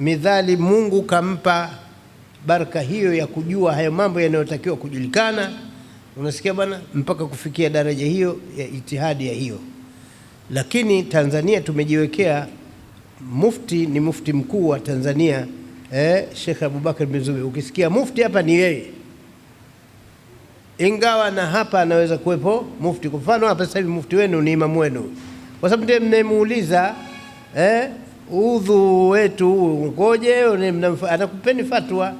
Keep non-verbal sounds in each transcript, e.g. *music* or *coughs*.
midhali Mungu kampa baraka hiyo ya kujua hayo mambo yanayotakiwa kujulikana. Unasikia bwana, mpaka kufikia daraja hiyo ya itihadi ya hiyo. Lakini Tanzania tumejiwekea mufti, ni mufti mkuu wa Tanzania eh, Sheikh Abubakar bin Ukisikia mufti hapa ni yeye, ingawa na hapa anaweza kuwepo mufti. Kwa mfano hapa sasa hivi mufti wenu ni imamu wenu, kwa sababu ndiye mnayemuuliza eh, udhu wetu ukoje? Anakupeni fatwa,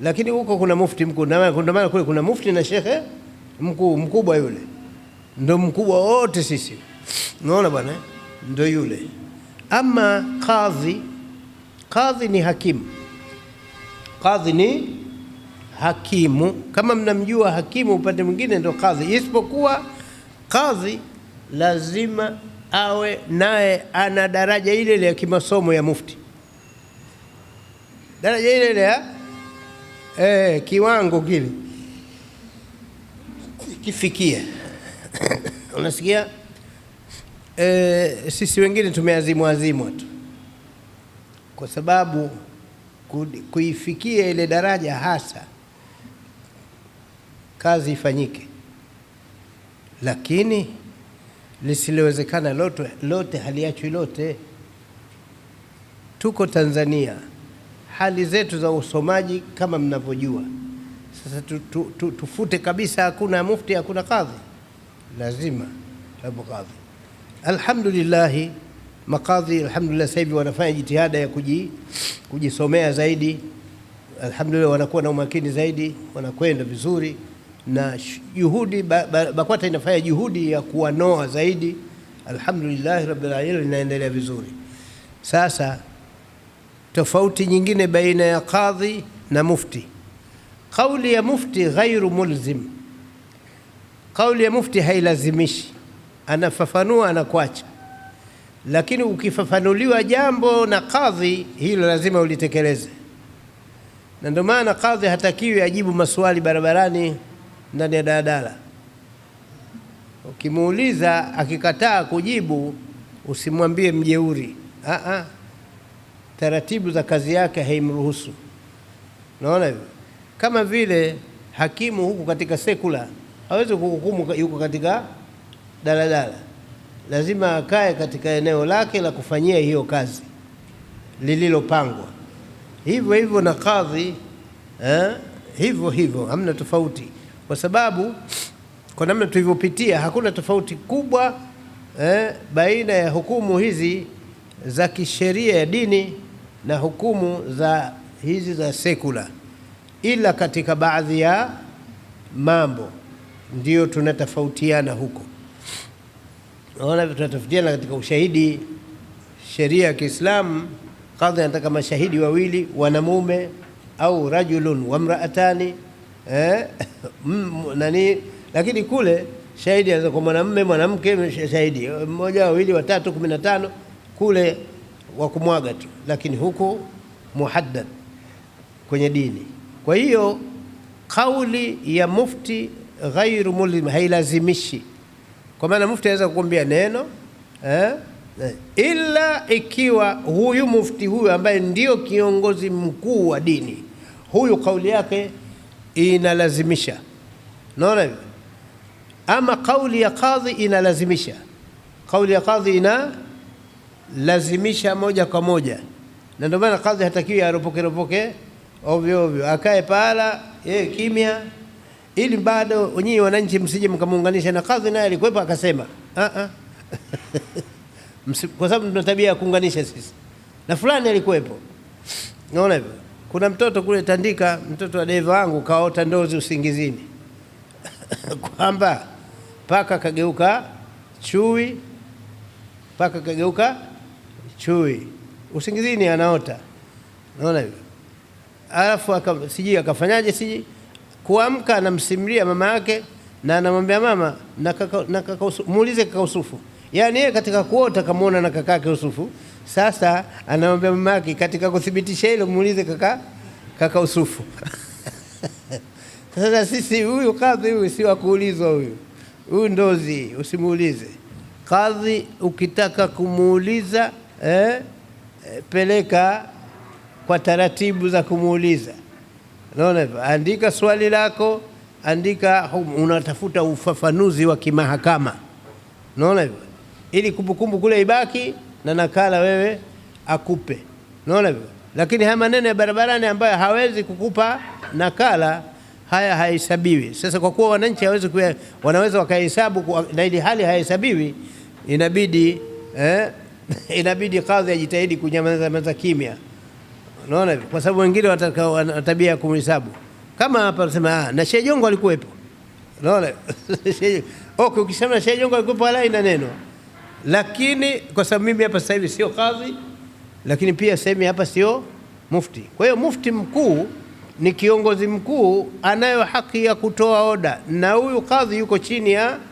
lakini huko kuna mufti mkuu. Ndio maana kule kuna mufti na shekhe mkuu mkubwa, yule ndo mkubwa wote sisi, unaona bwana, ndo yule. Ama kadhi, kadhi ni hakimu. Kadhi ni hakimu, kama mnamjua hakimu, upande mwingine ndo kadhi, isipokuwa kadhi lazima awe naye ana daraja ile ile ya kimasomo ya mufti, daraja ile ile ya eh, kiwango kile kifikia. *coughs* Unasikia eh, sisi wengine tumeazimwa azimwa tu, kwa sababu kuifikia ile daraja hasa kazi ifanyike, lakini lisilowezekana lote, lote haliachwi lote. Tuko Tanzania, hali zetu za usomaji kama mnavyojua. Sasa tu, tu, tu, tufute kabisa, hakuna mufti, hakuna kadhi, lazima hapo kadhi. Alhamdulillah, makadhi alhamdulillah, sasa hivi wanafanya jitihada ya kuji, kujisomea zaidi. Alhamdulillah, wanakuwa na umakini zaidi, wanakwenda vizuri na juhudi BAKWATA inafanya juhudi ya kuwanoa zaidi. Alhamdulillahi rabbil alamin, inaendelea vizuri. Sasa tofauti nyingine baina ya kadhi na mufti, kauli ya mufti ghairu mulzim, kauli ya mufti hailazimishi, anafafanua anakuacha. Lakini ukifafanuliwa jambo na kadhi, hilo lazima ulitekeleze, na ndio maana kadhi hatakiwi ajibu maswali barabarani ndani ya daladala. Ukimuuliza akikataa kujibu, usimwambie mjeuri. ah, taratibu za kazi yake haimruhusu. Naona hivyo, kama vile hakimu huku katika sekula hawezi kuhukumu yuko katika daladala, lazima akae katika eneo lake la kufanyia hiyo kazi lililopangwa. Hivyo hivyo na kadhi eh, hivyo hivyo, hamna tofauti kwa sababu kwa namna tulivyopitia hakuna tofauti kubwa eh, baina ya hukumu hizi za kisheria ya dini na hukumu za hizi za sekula, ila katika baadhi ya mambo ndio tunatofautiana huko. Naona tunatofautiana katika ushahidi. Sheria ya Kiislamu kadhi anataka mashahidi wawili, wanamume au rajulun wamraatani eh, mm, nani, lakini kule shahidi anaweza kwa mwanamume, mwanamke, shahidi mmoja, wawili, watatu, kumi na tano kule wa kumwaga tu, lakini huku muhaddad kwenye dini. Kwa hiyo kauli ya mufti ghairu mulim hailazimishi. Kwa maana mufti anaweza kukwambia neno eh, ila ikiwa huyu mufti huyu ambaye ndio kiongozi mkuu wa dini, huyu kauli yake inalazimisha. Naona hivyo ama kauli ya kadhi inalazimisha, kauli ya kadhi inalazimisha moja kwa moja, na ndio maana kadhi hatakiwi aropoke ropoke ovyo ovyo, akae pahala yeye kimya, ili bado nyinyi wananchi msije mkamuunganisha na kadhi. Naye alikuwepo akasema ah, ah. *laughs* kwa sababu tuna tabia ya kuunganisha sisi, na fulani alikuwepo. Naona hivyo. Kuna mtoto kule Tandika, mtoto wa deva wangu kaota ndozi usingizini *laughs* kwamba paka kageuka chui, paka kageuka chui usingizini, anaota naona hivyo, alafu aka, sijui akafanyaje, sijui kuamka, anamsimulia mama yake na anamwambia mama, na kaka, na kaka, muulize kaka Usufu. Yani yeye katika kuota kamwona na kakake Usufu sasa anamwambia mamake, katika kuthibitisha hilo muulize kaka, kaka Usufu. *laughs* Sasa sisi huyu kadhi huyu si wa kuulizwa huyu, huyu ndozi, usimuulize kadhi. Ukitaka kumuuliza eh, eh peleka kwa taratibu za kumuuliza. hivyo, andika swali lako, andika unatafuta ufafanuzi wa kimahakama, naona hivyo, ili kumbukumbu kule ibaki na nakala wewe akupe. Unaona hivyo? Lakini haya maneno ya barabarani ambayo hawezi kukupa nakala haya hahesabiwi. Sasa kwa kuwa wananchi hawezi kuya, wanaweza wakahesabu na ili hali hahesabiwi, inabidi eh, *laughs* inabidi kadhi ajitahidi kunyamaza kimya. Unaona hivyo? Kwa sababu wengine wana tabia ya kumhesabu. Kama hapa nasema ah, na Shejongo alikuwepo. Unaona? *laughs* okay, ukisema Shejongo alikuwepo wala ina neno lakini kwa sababu mimi hapa sasa hivi sio kadhi, lakini pia sehemu hapa sio mufti. Kwa hiyo mufti mkuu ni kiongozi mkuu, anayo haki ya kutoa oda, na huyu kadhi yuko chini ya